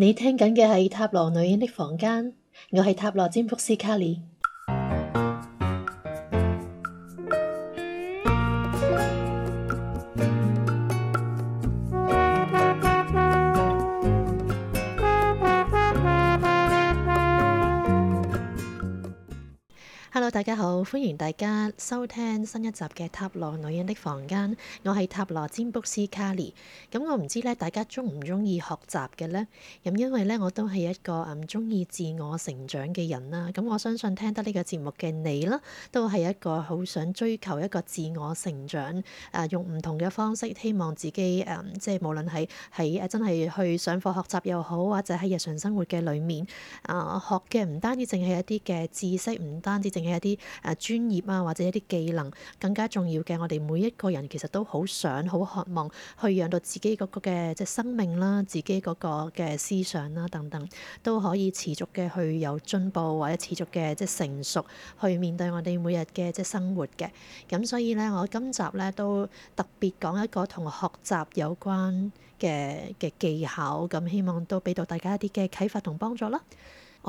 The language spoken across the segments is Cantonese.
你聽緊嘅係《塔羅女人的房間》，我係塔羅占卜師卡莉。大家好，歡迎大家收聽新一集嘅《塔羅女人的房間》，我係塔羅占卜師卡莉。咁我唔知咧，大家中唔中意學習嘅咧？咁因為咧，我都係一個嗯中意自我成長嘅人啦。咁我相信聽得呢個節目嘅你啦，都係一個好想追求一個自我成長，誒，用唔同嘅方式，希望自己誒，即係無論係喺誒，真係去上課學習又好，或者喺日常生活嘅裏面，啊，學嘅唔單止淨係一啲嘅知識，唔單止淨係一啲。啲誒、啊、專業啊，或者一啲技能，更加重要嘅。我哋每一個人其實都好想、好渴望去養到自己嗰個嘅即係生命啦，自己嗰個嘅思想啦等等，都可以持續嘅去有進步，或者持續嘅即係成熟，去面對我哋每日嘅即係生活嘅。咁所以咧，我今集咧都特別講一個同學習有關嘅嘅技巧，咁希望都俾到大家一啲嘅啟發同幫助啦。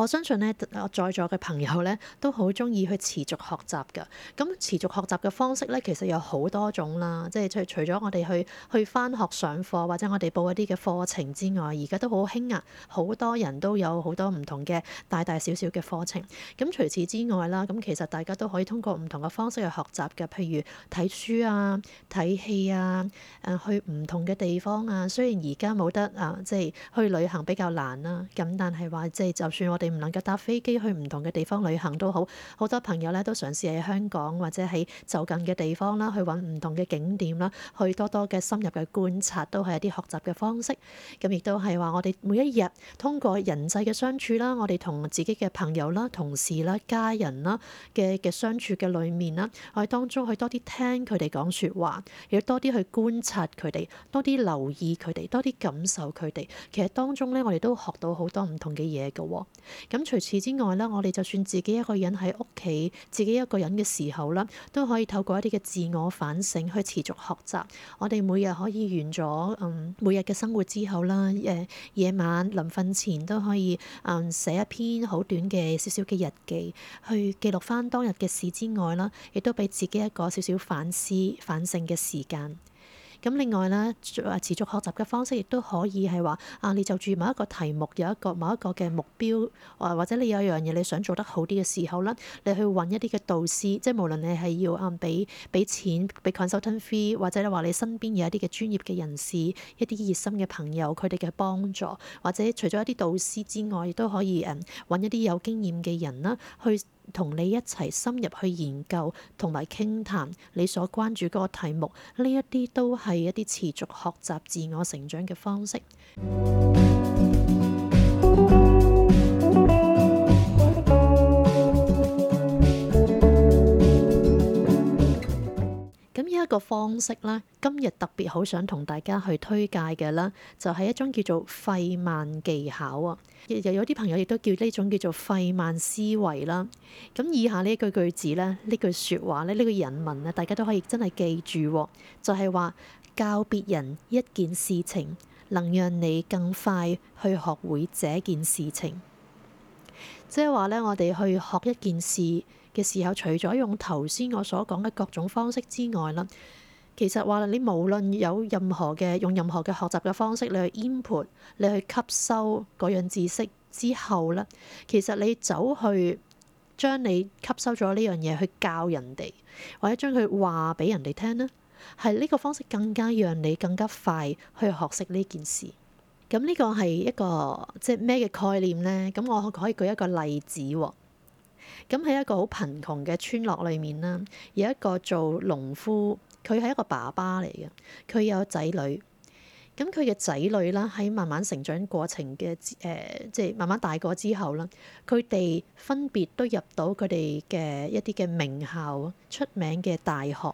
我相信咧，我在座嘅朋友咧都好中意去持續學習㗎。咁持續學習嘅方式咧，其實有好多種啦。即係除咗我哋去去翻學上課或者我哋報一啲嘅課程之外，而家都好興啊！好多人都有好多唔同嘅大大小小嘅課程。咁除此之外啦，咁其實大家都可以通過唔同嘅方式去學習嘅，譬如睇書啊、睇戲啊、誒去唔同嘅地方啊。雖然而家冇得啊，即係去旅行比較難啦。咁但係話即係就算我哋唔能夠搭飛機去唔同嘅地方旅行都好，好多朋友咧都嘗試喺香港或者喺就近嘅地方啦，去揾唔同嘅景點啦，去多多嘅深入嘅觀察都係一啲學習嘅方式。咁亦都係話，我哋每一日通過人際嘅相處啦，我哋同自己嘅朋友啦、同事啦、家人啦嘅嘅相處嘅裡面啦，我哋當中去多啲聽佢哋講説話，亦都多啲去觀察佢哋，多啲留意佢哋，多啲感受佢哋。其實當中咧，我哋都學到好多唔同嘅嘢㗎喎。咁除此之外啦，我哋就算自己一個人喺屋企，自己一個人嘅時候啦，都可以透過一啲嘅自我反省去持續學習。我哋每日可以完咗嗯每日嘅生活之後啦，誒、呃、夜晚臨瞓前都可以嗯寫一篇好短嘅少少嘅日記，去記錄翻當日嘅事之外啦，亦都俾自己一個少少反思反省嘅時間。咁另外啦，持續學習嘅方式亦都可以係話啊，你就住某一個題目有一個某一個嘅目標，或或者你有一樣嘢你想做得好啲嘅時候啦，你去揾一啲嘅導師，即係無論你係要啊俾俾錢，俾 consultant fee，或者你話你身邊有一啲嘅專業嘅人士，一啲熱心嘅朋友佢哋嘅幫助，或者除咗一啲導師之外，亦都可以誒揾一啲有經驗嘅人啦去。同你一齊深入去研究同埋傾談你所關注嗰個題目，呢一啲都係一啲持續學習自我成長嘅方式。一個方式啦，今日特別好想同大家去推介嘅啦，就係一種叫做費曼技巧啊，亦有啲朋友亦都叫呢種叫做費曼思維啦。咁以下呢一句句子咧，呢句説話咧，呢句引文咧，大家都可以真係記住，就係話教別人一件事情，能讓你更快去學會這件事情。即係話咧，我哋去學一件事，嘅時候，除咗用頭先我所講嘅各種方式之外啦，其實話你無論有任何嘅用任何嘅學習嘅方式，你去 input，你去吸收嗰樣知識之後啦，其實你走去將你吸收咗呢樣嘢去教人哋，或者將佢話俾人哋聽咧，係呢個方式更加讓你更加快去學識呢件事。咁呢個係一個即係咩嘅概念咧？咁我可以舉一個例子喎。咁喺一個好貧窮嘅村落裏面啦，有一個做農夫，佢係一個爸爸嚟嘅，佢有仔女。咁佢嘅仔女啦，喺慢慢成長過程嘅誒、呃，即係慢慢大個之後啦，佢哋分別都入到佢哋嘅一啲嘅名校、出名嘅大學。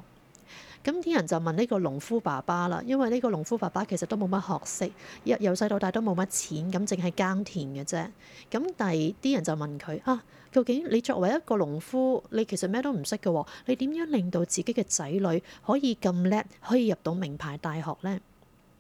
咁啲人就問呢個農夫爸爸啦，因為呢個農夫爸爸其實都冇乜學識，由由細到大都冇乜錢，咁淨係耕田嘅啫。咁第啲人就問佢啊。究竟你作為一個農夫，你其實咩都唔識㗎喎，你點樣令到自己嘅仔女可以咁叻，可以入到名牌大學咧？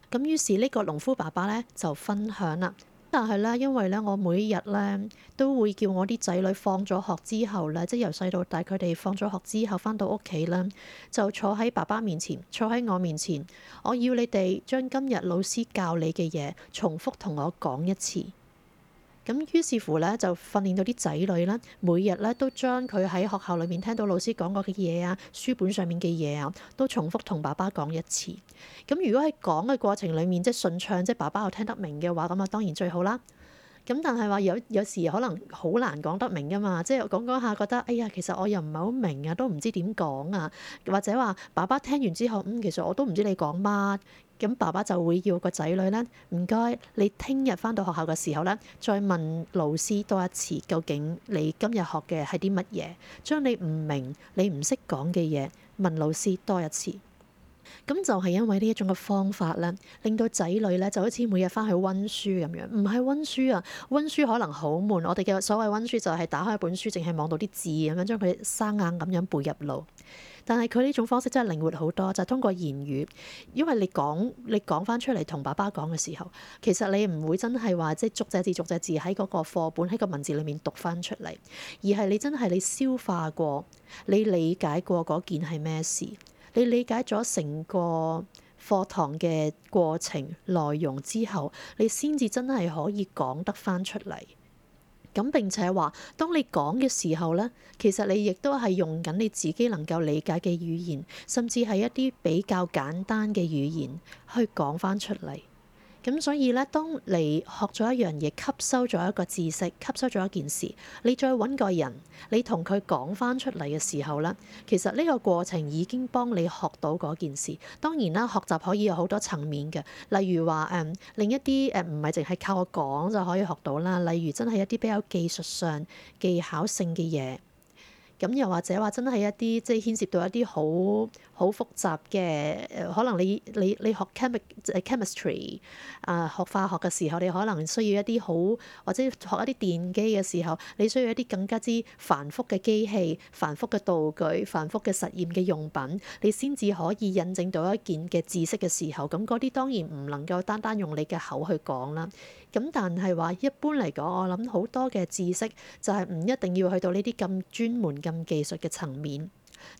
咁於是呢個農夫爸爸咧就分享啦。但係咧，因為咧，我每日咧都會叫我啲仔女放咗學之後咧，即係由細到大，佢哋放咗學之後返到屋企咧，就坐喺爸爸面前，坐喺我面前，我要你哋將今日老師教你嘅嘢重複同我講一次。咁於是乎咧，就訓練到啲仔女啦。每日咧都將佢喺學校裏面聽到老師講過嘅嘢啊，書本上面嘅嘢啊，都重複同爸爸講一次。咁如果喺講嘅過程裡面即係順暢，即係爸爸又聽得明嘅話，咁啊當然最好啦。咁但係話有有時可能好難講得明噶嘛，即係講講下覺得，哎呀，其實我又唔係好明啊，都唔知點講啊，或者話爸爸聽完之後，嗯，其實我都唔知你講乜。咁爸爸就會要個仔女咧，唔該，你聽日翻到學校嘅時候咧，再問老師多一次，究竟你今日學嘅係啲乜嘢？將你唔明、你唔識講嘅嘢問老師多一次。咁就係因為呢一種嘅方法咧，令到仔女咧就好似每日翻去温書咁樣，唔係温書啊，温書可能好悶。我哋嘅所謂温書就係打開本書，淨係望到啲字咁樣，將佢生硬咁樣背入腦。但係佢呢種方式真係靈活好多，就係通過言語，因為你講你講翻出嚟同爸爸講嘅時候，其實你唔會真係話即係逐隻字逐隻字喺嗰個課本喺個文字裡面讀翻出嚟，而係你真係你消化過、你理解過嗰件係咩事，你理解咗成個課堂嘅過程內容之後，你先至真係可以講得翻出嚟。咁並且話，當你講嘅時候咧，其實你亦都係用緊你自己能夠理解嘅語言，甚至係一啲比較簡單嘅語言去講翻出嚟。咁所以咧，當你學咗一樣嘢，吸收咗一個知識，吸收咗一件事，你再揾個人，你同佢講翻出嚟嘅時候咧，其實呢個過程已經幫你學到嗰件事。當然啦，學習可以有好多層面嘅，例如話誒、嗯、另一啲誒唔係淨係靠我講就可以學到啦，例如真係一啲比較技術上技巧性嘅嘢。咁又或者話真係一啲即係牽涉到一啲好好複雜嘅誒，可能你你你學 chem 即係 chemistry 啊，學化學嘅時候，你可能需要一啲好或者學一啲電機嘅時候，你需要一啲更加之繁複嘅機器、繁複嘅道具、繁複嘅實驗嘅用品，你先至可以印證到一件嘅知識嘅時候，咁嗰啲當然唔能夠單單用你嘅口去講啦。咁但係話一般嚟講，我諗好多嘅知識就係唔一定要去到呢啲咁專門、咁技術嘅層面。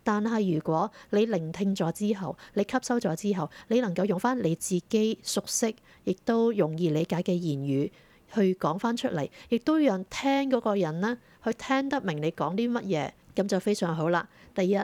但係如果你聆聽咗之後，你吸收咗之後，你能夠用返你自己熟悉，亦都容易理解嘅言語去講返出嚟，亦都讓聽嗰個人呢去聽得明你講啲乜嘢，咁就非常好啦。第一，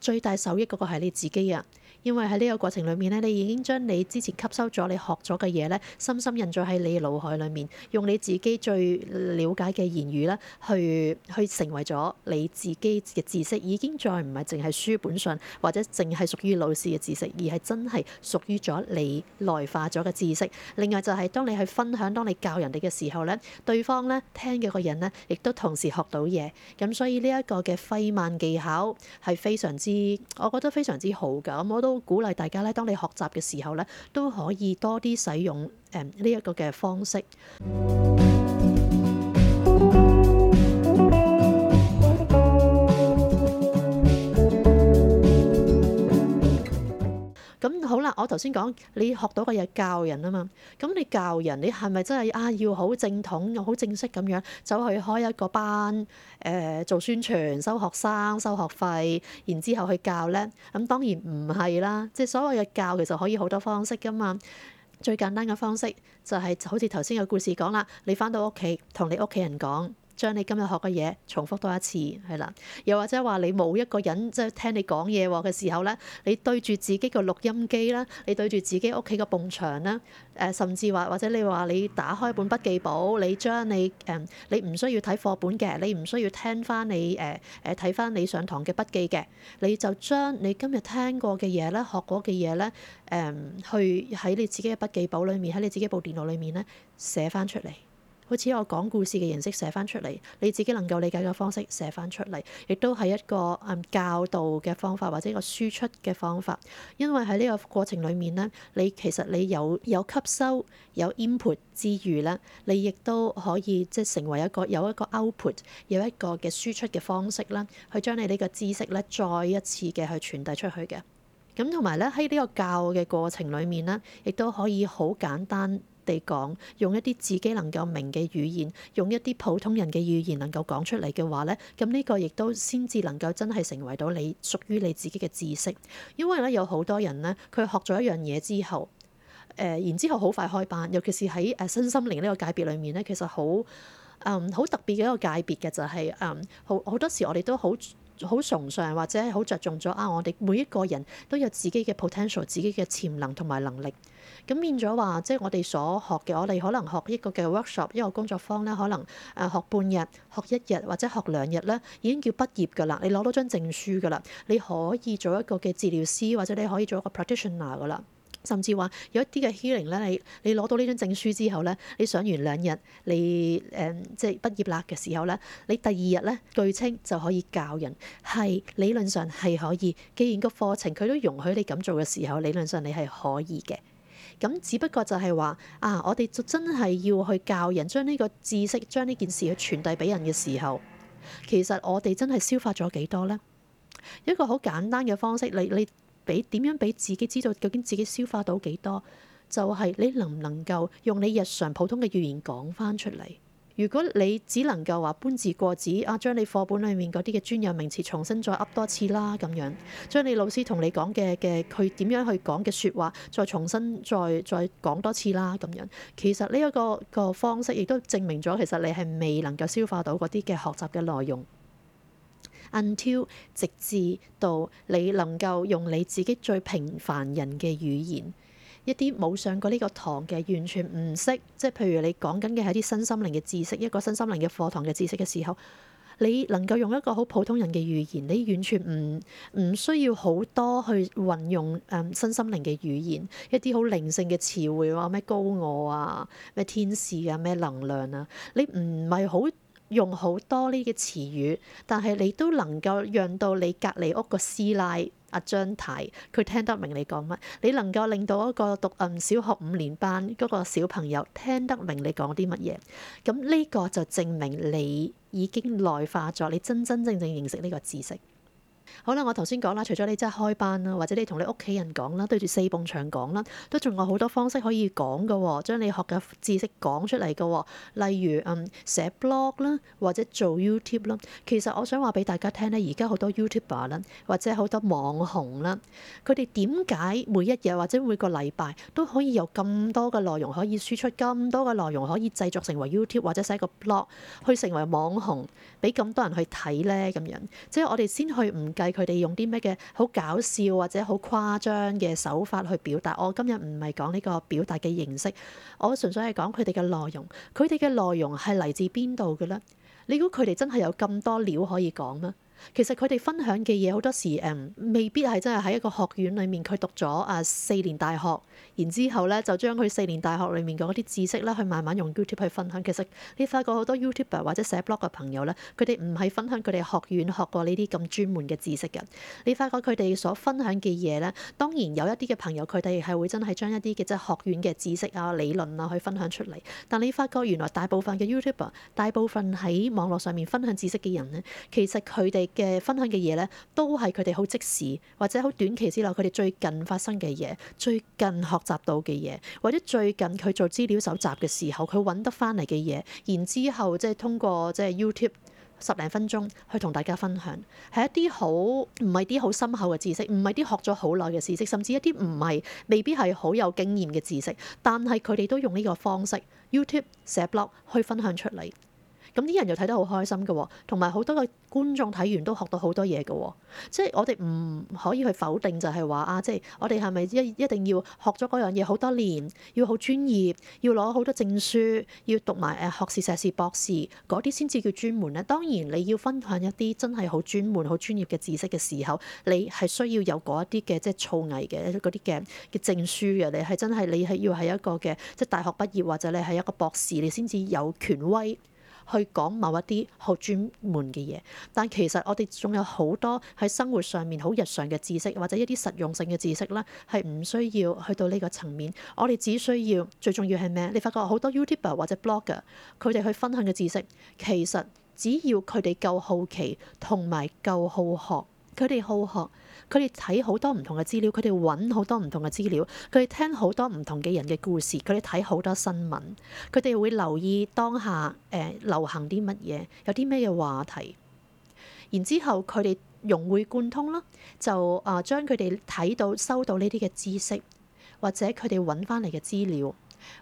最大受益嗰個係你自己啊！因為喺呢個過程裏面咧，你已經將你之前吸收咗、你學咗嘅嘢咧，深深印咗喺你腦海裏面，用你自己最了解嘅言語咧，去去成為咗你自己嘅知識，已經再唔係淨係書本上，或者淨係屬於老師嘅知識，而係真係屬於咗你內化咗嘅知識。另外就係、是、當你去分享、當你教人哋嘅時候咧，對方咧聽嘅個人咧，亦都同時學到嘢。咁所以呢一個嘅費曼技巧係非常之，我覺得非常之好㗎。咁我都。鼓勵大家咧，當你學習嘅時候咧，都可以多啲使用誒呢一個嘅方式。咁好啦，我頭先講你學到嘅嘢教人啊嘛，咁你教人，你係咪真係啊要好正統又好正式咁樣走去開一個班誒、呃、做宣傳、收學生、收學費，然之後去教咧？咁當然唔係啦，即係所謂嘅教其實可以好多方式噶嘛。最簡單嘅方式就係、是、好似頭先個故事講啦，你翻到屋企同你屋企人講。將你今日學嘅嘢重複多一次，係啦。又或者話你冇一個人即係、就是、聽你講嘢喎嘅時候咧，你對住自己個錄音機啦，你對住自己屋企個牆啦，誒，甚至話或者你話你打開本筆記簿，你將你誒你唔需要睇課本嘅，你唔需要聽翻你誒誒睇翻你上堂嘅筆記嘅，你就將你今日聽過嘅嘢啦、學過嘅嘢咧，誒去喺你自己嘅筆記簿裏面，喺你自己部電腦裏面咧寫翻出嚟。好似我講故事嘅形式寫翻出嚟，你自己能夠理解嘅方式寫翻出嚟，亦都係一個誒教導嘅方法或者一個輸出嘅方法。因為喺呢個過程裡面咧，你其實你有有吸收有 input 之餘咧，你亦都可以即係成為一個有一個 output 有一個嘅輸出嘅方式啦，去將你呢個知識咧再一次嘅去傳遞出去嘅。咁同埋咧喺呢個教嘅過程裡面咧，亦都可以好簡單地講，用一啲自己能夠明嘅語言，用一啲普通人嘅語言能夠講出嚟嘅話咧，咁呢個亦都先至能夠真係成為到你屬於你自己嘅知識。因為咧，有好多人咧，佢學咗一樣嘢之後，誒、呃、然之後好快開班，尤其是喺誒身心靈呢個界別裏面咧，其實好嗯好特別嘅一個界別嘅就係、是、嗯好好多時我哋都好好崇尚或者好着重咗啊！我哋每一個人都有自己嘅 potential、自己嘅潛能同埋能力。咁變咗話，即係我哋所學嘅，我哋可能學一個嘅 workshop，一個工作坊咧，可能誒學半日、學一日或者學兩日咧，已經叫畢業㗎啦。你攞到張證書㗎啦，你可以做一個嘅治療師，或者你可以做一個 practitioner 㗎啦。甚至話有一啲嘅 healing 咧，你你攞到呢張證書之後咧，你上完兩日，你誒即係畢業啦嘅時候咧，你第二日咧，據稱就可以教人，係理論上係可以。既然個課程佢都容許你咁做嘅時候，理論上你係可以嘅。咁只不過就係話啊，我哋真係要去教人將呢個知識、將呢件事去傳遞俾人嘅時候，其實我哋真係消化咗幾多咧？一個好簡單嘅方式，你你俾點樣俾自己知道究竟自己消化到幾多？就係你能唔能夠用你日常普通嘅語言講翻出嚟？如果你只能夠話搬字過紙啊，將你課本裡面嗰啲嘅專有名詞重新再噏多次啦，咁樣將你老師同你講嘅嘅佢點樣去講嘅説話，再重新再再講多次啦，咁樣其實呢、這、一個個方式亦都證明咗，其實你係未能夠消化到嗰啲嘅學習嘅內容，until 直至到你能夠用你自己最平凡人嘅語言。一啲冇上過呢個堂嘅，完全唔識，即係譬如你講緊嘅係一啲身心靈嘅知識，一個身心靈嘅課堂嘅知識嘅時候，你能夠用一個好普通人嘅語言，你完全唔唔需要好多去運用誒身心靈嘅語言，一啲好靈性嘅詞彙話，咩高我啊，咩天使啊，咩能量啊，你唔係好，用好多呢啲詞語，但係你都能夠讓到你隔離屋個師奶阿張太，佢聽得明你講乜？你能夠令到嗰個讀啊小學五年班嗰個小朋友聽得明你講啲乜嘢？咁呢個就證明你已經內化咗，你真真正正認識呢個知識。好啦，我頭先講啦，除咗你真係開班啦，或者你同你屋企人講啦，對住四埲牆講啦，都仲有好多方式可以講噶喎，將你學嘅知識講出嚟噶喎。例如嗯，寫 blog 啦，或者做 YouTube 啦。其實我想話俾大家聽咧，而家好多 YouTuber 啦，或者好多網紅啦，佢哋點解每一日或者每個禮拜都可以有咁多嘅內容可以輸出，咁多嘅內容可以製作成為 YouTube 或者寫個 blog 去成為網紅，俾咁多人去睇咧咁樣？即係我哋先去唔？計佢哋用啲咩嘅好搞笑或者好誇張嘅手法去表達。我今日唔係講呢個表達嘅形式，我純粹係講佢哋嘅內容。佢哋嘅內容係嚟自邊度嘅呢？你估佢哋真係有咁多料可以講咩？其實佢哋分享嘅嘢好多時誒、嗯，未必係真係喺一個學院裏面佢讀咗啊四年大學，然之後咧就將佢四年大學裏面嗰啲知識咧，去慢慢用 YouTube 去分享。其實你發覺好多 YouTuber 或者寫 blog 嘅朋友咧，佢哋唔係分享佢哋學院學過呢啲咁專門嘅知識㗎。你發覺佢哋所分享嘅嘢咧，當然有一啲嘅朋友佢哋係會真係將一啲嘅即係學院嘅知識啊理論啊去分享出嚟。但你發覺原來大部分嘅 YouTuber，大部分喺網絡上面分享知識嘅人咧，其實佢哋嘅分享嘅嘢咧，都係佢哋好即時或者好短期之內，佢哋最近發生嘅嘢、最近學習到嘅嘢，或者最近佢做資料搜集嘅時候，佢揾得翻嚟嘅嘢，然之後即係通過即係 YouTube 十零分鐘去同大家分享，係一啲好唔係啲好深厚嘅知識，唔係啲學咗好耐嘅知識，甚至一啲唔係未必係好有經驗嘅知識，但係佢哋都用呢個方式 YouTube 寫 blog 去分享出嚟。咁啲人又睇得好開心㗎喎，同埋好多個觀眾睇完都學到好多嘢㗎喎，即係我哋唔可以去否定就係話啊，即係我哋係咪一一定要學咗嗰樣嘢好多年，要好專業，要攞好多證書，要讀埋誒學士、碩士、博士嗰啲先至叫專門咧？當然你要分享一啲真係好專門、好專業嘅知識嘅時候，你係需要有嗰一啲嘅即係造詣嘅嗰啲嘅嘅證書啊。你係真係你係要係一個嘅即係大學畢業或者你係一個博士，你先至有權威。去講某一啲好專門嘅嘢，但其實我哋仲有好多喺生活上面好日常嘅知識，或者一啲實用性嘅知識啦，係唔需要去到呢個層面。我哋只需要最重要係咩？你發覺好多 YouTuber 或者 Blogger，佢哋去分享嘅知識，其實只要佢哋夠好奇，同埋夠好學，佢哋好學。佢哋睇好多唔同嘅資料，佢哋揾好多唔同嘅資料，佢哋聽好多唔同嘅人嘅故事，佢哋睇好多新聞，佢哋會留意當下誒流行啲乜嘢，有啲咩嘅話題，然之後佢哋融會貫通囉，就啊將佢哋睇到、收到呢啲嘅知識，或者佢哋揾返嚟嘅資料。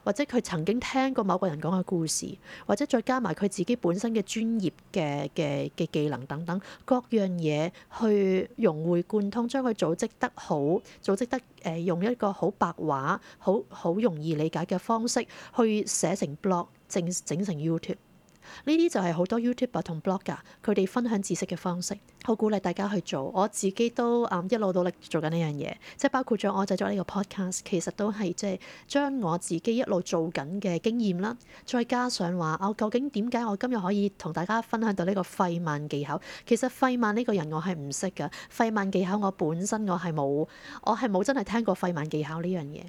或者佢曾經聽過某個人講嘅故事，或者再加埋佢自己本身嘅專業嘅嘅嘅技能等等各樣嘢，去融會貫通，將佢組織得好，組織得誒、呃、用一個好白話、好好容易理解嘅方式去寫成 blog，整整成 YouTube。呢啲就係好多 YouTuber 同 Blogger 佢哋分享知識嘅方式，好鼓勵大家去做。我自己都誒、嗯、一路努力做緊呢樣嘢，即係包括咗我製作呢個 podcast，其實都係即係將我自己一路做緊嘅經驗啦，再加上話我究竟點解我今日可以同大家分享到呢個費曼技巧。其實費曼呢個人我係唔識㗎，費曼技巧我本身我係冇，我係冇真係聽過費曼技巧呢樣嘢。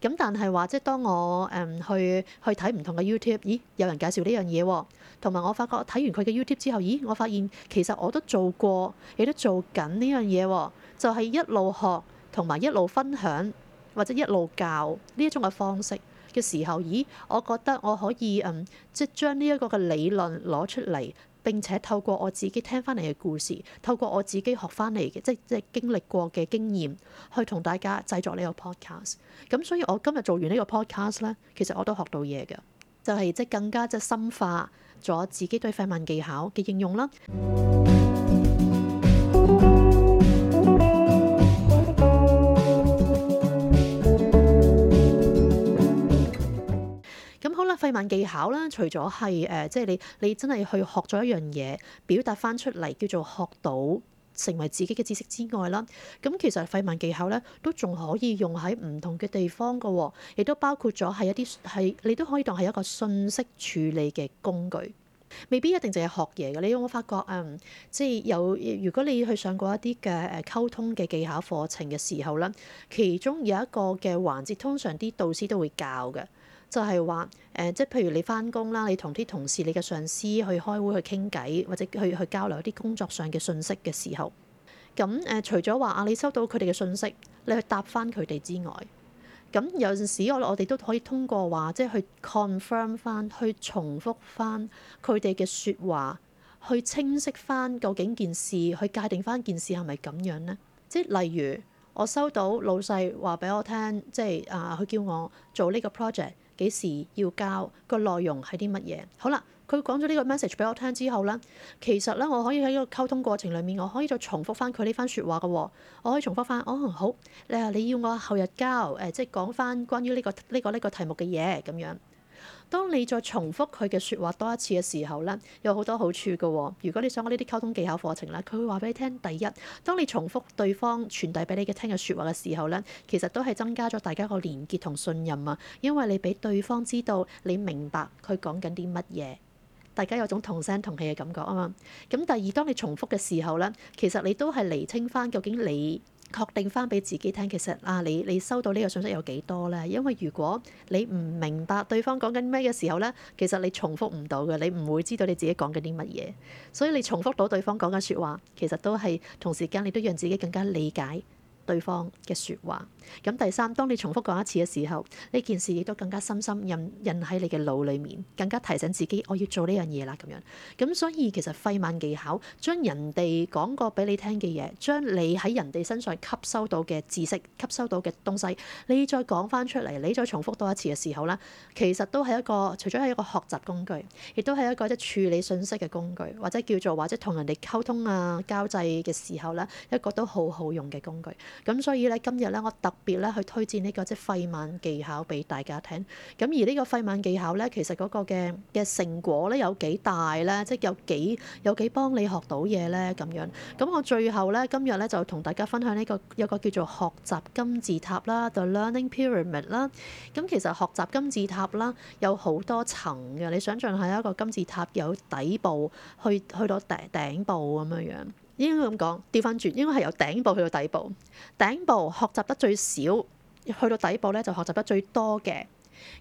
咁但係話即係當我誒、嗯、去去睇唔同嘅 YouTube，咦有人介紹呢樣嘢喎，同埋我發覺睇完佢嘅 YouTube 之後，咦我發現其實我都做過，亦都做緊呢樣嘢喎，就係、是、一路學同埋一路分享或者一路教呢一種嘅方式嘅時候，咦我覺得我可以嗯即係將呢一個嘅理論攞出嚟。並且透過我自己聽翻嚟嘅故事，透過我自己學翻嚟嘅，即係即係經歷過嘅經驗，去同大家製作呢個 podcast。咁所以，我今日做完呢個 podcast 呢，其實我都學到嘢嘅，就係即係更加即係深化咗自己對費曼技巧嘅應用啦。費曼技巧啦，除咗係誒，即係你你真係去學咗一樣嘢，表達返出嚟叫做學到，成為自己嘅知識之外啦，咁其實費曼技巧咧都仲可以用喺唔同嘅地方噶喎，亦都包括咗係一啲係你都可以當係一個信息處理嘅工具，未必一定淨係學嘢㗎。你有冇發覺誒、嗯？即係有，如果你去上過一啲嘅誒溝通嘅技巧課程嘅時候啦，其中有一個嘅環節，通常啲導師都會教㗎。就係話誒，即係譬如你翻工啦，你同啲同事、你嘅上司去開會去傾偈，或者去去交流一啲工作上嘅信息嘅時候，咁誒，除咗話啊，你收到佢哋嘅信息，你去答翻佢哋之外，咁有陣時我我哋都可以通過話即係去 confirm 翻、去重複翻佢哋嘅説話，去清晰翻究竟件事，去界定翻件事係咪咁樣咧？即係例如我收到老細話俾我聽，即係啊，佢叫我做呢個 project。幾時要交？個內容係啲乜嘢？好啦，佢講咗呢個 message 俾我聽之後咧，其實咧我可以喺呢個溝通過程裡面，我可以再重複翻佢呢番説話㗎喎。我可以重複翻哦，好，你話，你要我後日交誒，即係講翻關於呢個呢個呢個題目嘅嘢咁樣。當你再重複佢嘅説話多一次嘅時候咧，有好多好處㗎喎。如果你想講呢啲溝通技巧課程咧，佢會話俾你聽。第一，當你重複對方傳遞俾你嘅聽嘅説話嘅時候咧，其實都係增加咗大家個連結同信任啊，因為你俾對方知道你明白佢講緊啲乜嘢，大家有種同聲同氣嘅感覺啊嘛。咁第二，當你重複嘅時候咧，其實你都係釐清返究竟你。確定翻俾自己聽，其實啊，你你收到呢個信息有幾多咧？因為如果你唔明白對方講緊咩嘅時候咧，其實你重複唔到㗎，你唔會知道你自己講緊啲乜嘢。所以你重複到對方講緊説話，其實都係同時間你都讓自己更加理解。對方嘅説話，咁第三，當你重複講一次嘅時候，呢件事亦都更加深深印印喺你嘅腦裡面，更加提醒自己我要做呢樣嘢啦。咁樣，咁所以其實費曼技巧將人哋講過俾你聽嘅嘢，將你喺人哋身上吸收到嘅知識、吸收到嘅東西，你再講返出嚟，你再重複多一次嘅時候咧，其實都係一個除咗係一個學習工具，亦都係一個即係處理信息嘅工具，或者叫做，或者同人哋溝通啊、交際嘅時候咧，一個都好好用嘅工具。咁所以咧，今日咧，我特別咧去推薦呢個即係費曼技巧俾大家聽。咁而呢個費曼技巧咧，其實嗰個嘅嘅成果咧有幾大咧？即係有幾有幾幫你學到嘢咧？咁樣。咁我最後咧，今日咧就同大家分享呢個有個叫做學習金字塔啦，The Learning Pyramid 啦。咁其實學習金字塔啦有好多層嘅，你想象下，一個金字塔有底部去去到頂頂部咁樣樣。應該咁講，掉翻轉應該係由頂部去到底部。頂部學習得最少，去到底部咧就學習得最多嘅。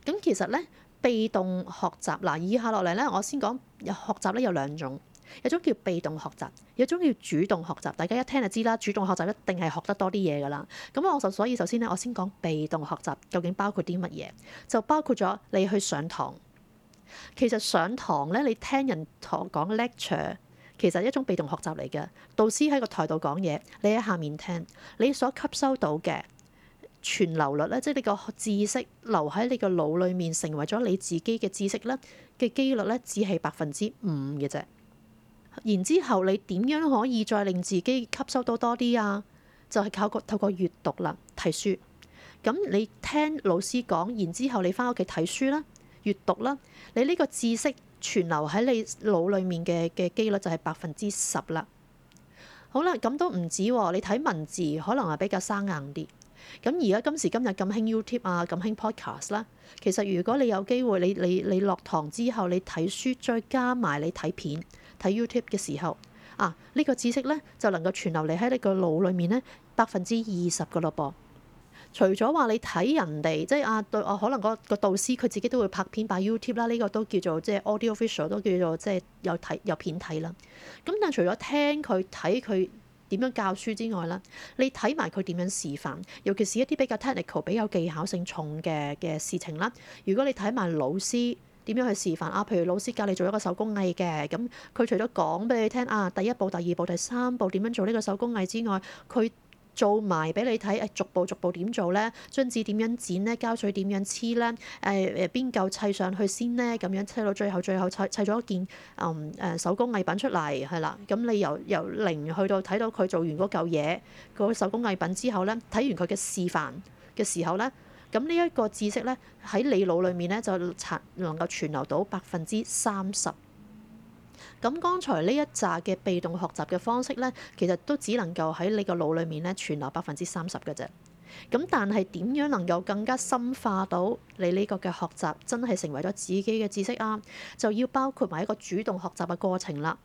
咁其實咧，被動學習嗱，以下落嚟咧，我先講有學習咧有兩種，一種叫被動學習，一種叫主動學習。大家一聽就知啦，主動學習一定係學得多啲嘢㗎啦。咁我就所以首先咧，我先講被動學習究竟包括啲乜嘢？就包括咗你去上堂。其實上堂咧，你聽人講 lecture。其實一種被動學習嚟嘅，導師喺個台度講嘢，你喺下面聽，你所吸收到嘅存留率咧，即、就、係、是、你個知識留喺你個腦裡面成為咗你自己嘅知識咧嘅機率咧，只係百分之五嘅啫。 然之後你點樣可以再令自己吸收到多啲啊？就係、是、靠透，透過閱讀啦，睇書。咁你聽老師講，然之後你翻屋企睇書啦，閱讀啦，你呢個知識，存留喺你腦裡面嘅嘅機率就係百分之十啦。好啦，咁都唔止喎。你睇文字可能係比較生硬啲。咁而家今時今日咁興 YouTube 啊，咁興 podcast 啦。其實如果你有機會，你你你落堂之後，你睇書再加埋你睇片、睇 YouTube 嘅時候啊，呢個知識呢，就能夠存留你喺你個腦裡面呢，百分之二十噶咯噃。除咗話你睇人哋，即係啊，對可能個個導師佢自己都會拍片擺 YouTube 啦，呢個都叫做即係 audio visual 都叫做即係有睇有片睇啦。咁但係除咗聽佢睇佢點樣教書之外啦，你睇埋佢點樣示範，尤其是一啲比較 technical、比較技巧性重嘅嘅事情啦。如果你睇埋老師點樣去示範啊，譬如老師教你做一個手工藝嘅，咁佢除咗講俾你聽啊，第一步、第二步、第三步點樣做呢個手工藝之外，佢做埋俾你睇，誒逐步逐步點做咧？張紙點樣剪咧？膠水點樣黐咧？誒誒邊嚿砌上去先咧？咁樣砌到最後最後砌砌咗一件嗯誒手工藝品出嚟係啦。咁你由由零去到睇到佢做完嗰嚿嘢個手工藝品之後咧，睇完佢嘅示範嘅時候咧，咁呢一個知識咧，喺你腦裏面咧就殘能夠存留到百分之三十。咁，剛才呢一集嘅被動學習嘅方式咧，其實都只能夠喺你個腦裏面咧存留百分之三十嘅啫。咁，但係點樣能夠更加深化到你呢個嘅學習，真係成為咗自己嘅知識啊？就要包括埋一個主動學習嘅過程啦。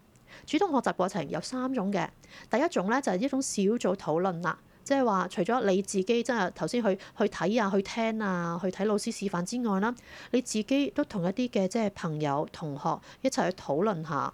主動學習過程有三種嘅，第一種咧就係一種小組討論啦，即係話除咗你自己真係頭先去去睇啊、去聽啊、去睇老師示範之外啦，你自己都同一啲嘅即係朋友同學一齊去討論下。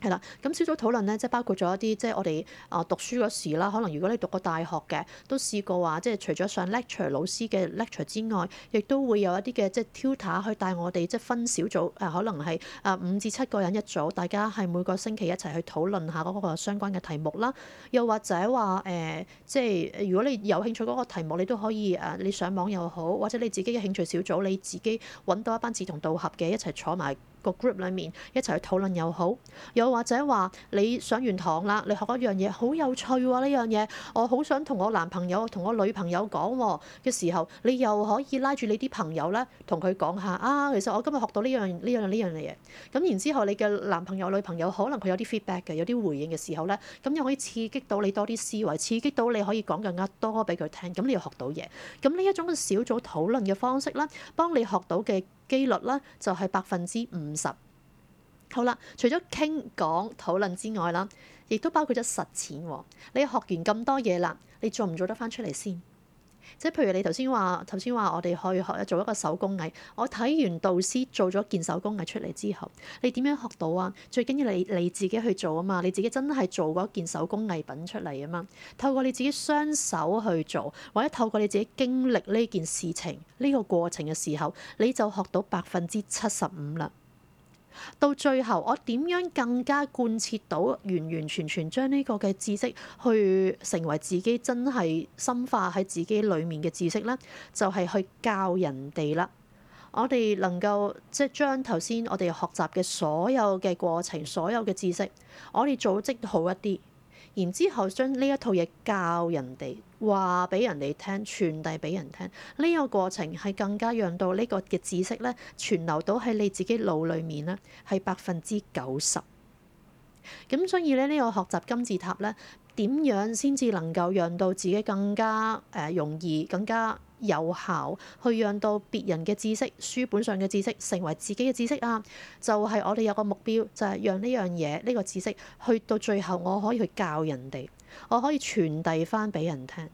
係啦，咁小組討論咧，即係包括咗一啲即係我哋啊讀書嗰時啦，可能如果你讀過大學嘅，都試過話，即係除咗上 lecture 老師嘅 lecture 之外，亦都會有一啲嘅即係 tutor 去帶我哋，即係分小組啊，可能係啊五至七個人一組，大家係每個星期一齊去討論下嗰個相關嘅題目啦。又或者話誒、呃，即係如果你有興趣嗰個題目，你都可以誒，你上網又好，或者你自己嘅興趣小組，你自己揾到一班志同道合嘅一齊坐埋。個 group 裏面一齊去討論又好，又或者話你上完堂啦，你學一樣嘢好有趣喎、啊，呢樣嘢我好想同我男朋友同我女朋友講喎嘅時候，你又可以拉住你啲朋友咧，同佢講下啊，其實我今日學到呢樣呢樣呢樣嘢。咁然之後，你嘅男朋友女朋友可能佢有啲 feedback 嘅，有啲回應嘅時候咧，咁又可以刺激到你多啲思維，刺激到你可以講更加多俾佢聽，咁你又學到嘢。咁呢一種小組討論嘅方式啦，幫你學到嘅機率咧就係百分之五十。好啦，除咗傾講討論之外啦，亦都包括咗實踐喎。你學完咁多嘢啦，你做唔做得返出嚟先？即係譬如你頭先話，頭先話我哋去學做一個手工藝。我睇完導師做咗件手工藝出嚟之後，你點樣學到啊？最緊要你你自己去做啊嘛，你自己真係做過一件手工藝品出嚟啊嘛，透過你自己雙手去做，或者透過你自己經歷呢件事情呢個過程嘅時候，你就學到百分之七十五啦。到最後，我點樣更加貫徹到完完全全將呢個嘅知識去成為自己真係深化喺自己裡面嘅知識呢？就係、是、去教人哋啦。我哋能夠即係將頭先我哋學習嘅所有嘅過程、所有嘅知識，我哋組織好一啲。然之後將呢一套嘢教人哋，話俾人哋聽，傳遞俾人聽，呢個過程係更加讓到呢個嘅知識咧存留到喺你自己腦裡面咧，係百分之九十。咁所以咧，呢個學習金字塔咧，點樣先至能夠讓到自己更加誒容易，更加有效去讓到別人嘅知識，書本上嘅知識成為自己嘅知識啊！就係、是、我哋有個目標，就係、是、讓呢樣嘢、呢、這個知識去到最後我可以去教人哋，我可以傳遞翻俾人聽。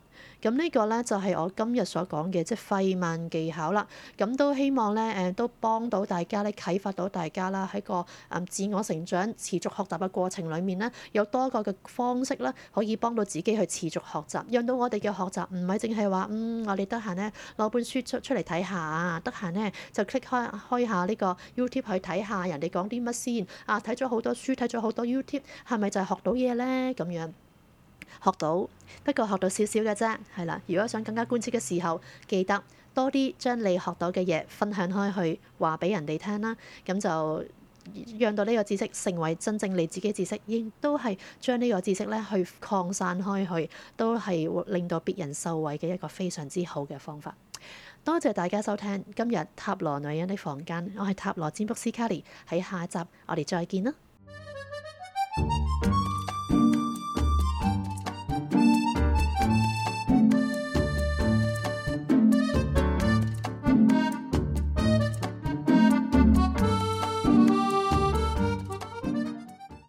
咁呢個咧就係我今日所講嘅即係費曼技巧啦。咁都希望咧，誒都幫到大家咧，啟發到大家啦。喺個誒自我成長持續學習嘅過程裡面咧，有多個嘅方式啦，可以幫到自己去持續學習，讓到我哋嘅學習唔係淨係話，嗯，我哋得閒咧攞本書出出嚟睇下啊，得閒咧就 click 開開下呢個 YouTube 去睇下人哋講啲乜先啊，睇咗好多書，睇咗好多 YouTube 係咪就係學到嘢咧咁樣？學到不過學到少少嘅啫，係啦。如果想更加貫徹嘅時候，記得多啲將你學到嘅嘢分享開去，話俾人哋聽啦。咁就讓到呢個知識成為真正你自己知識，亦都係將呢個知識咧去擴散開去，都係令到別人受惠嘅一個非常之好嘅方法。多謝大家收聽今日塔羅女人的房間，我係塔羅占卜師卡利，喺下一集我哋再見啦。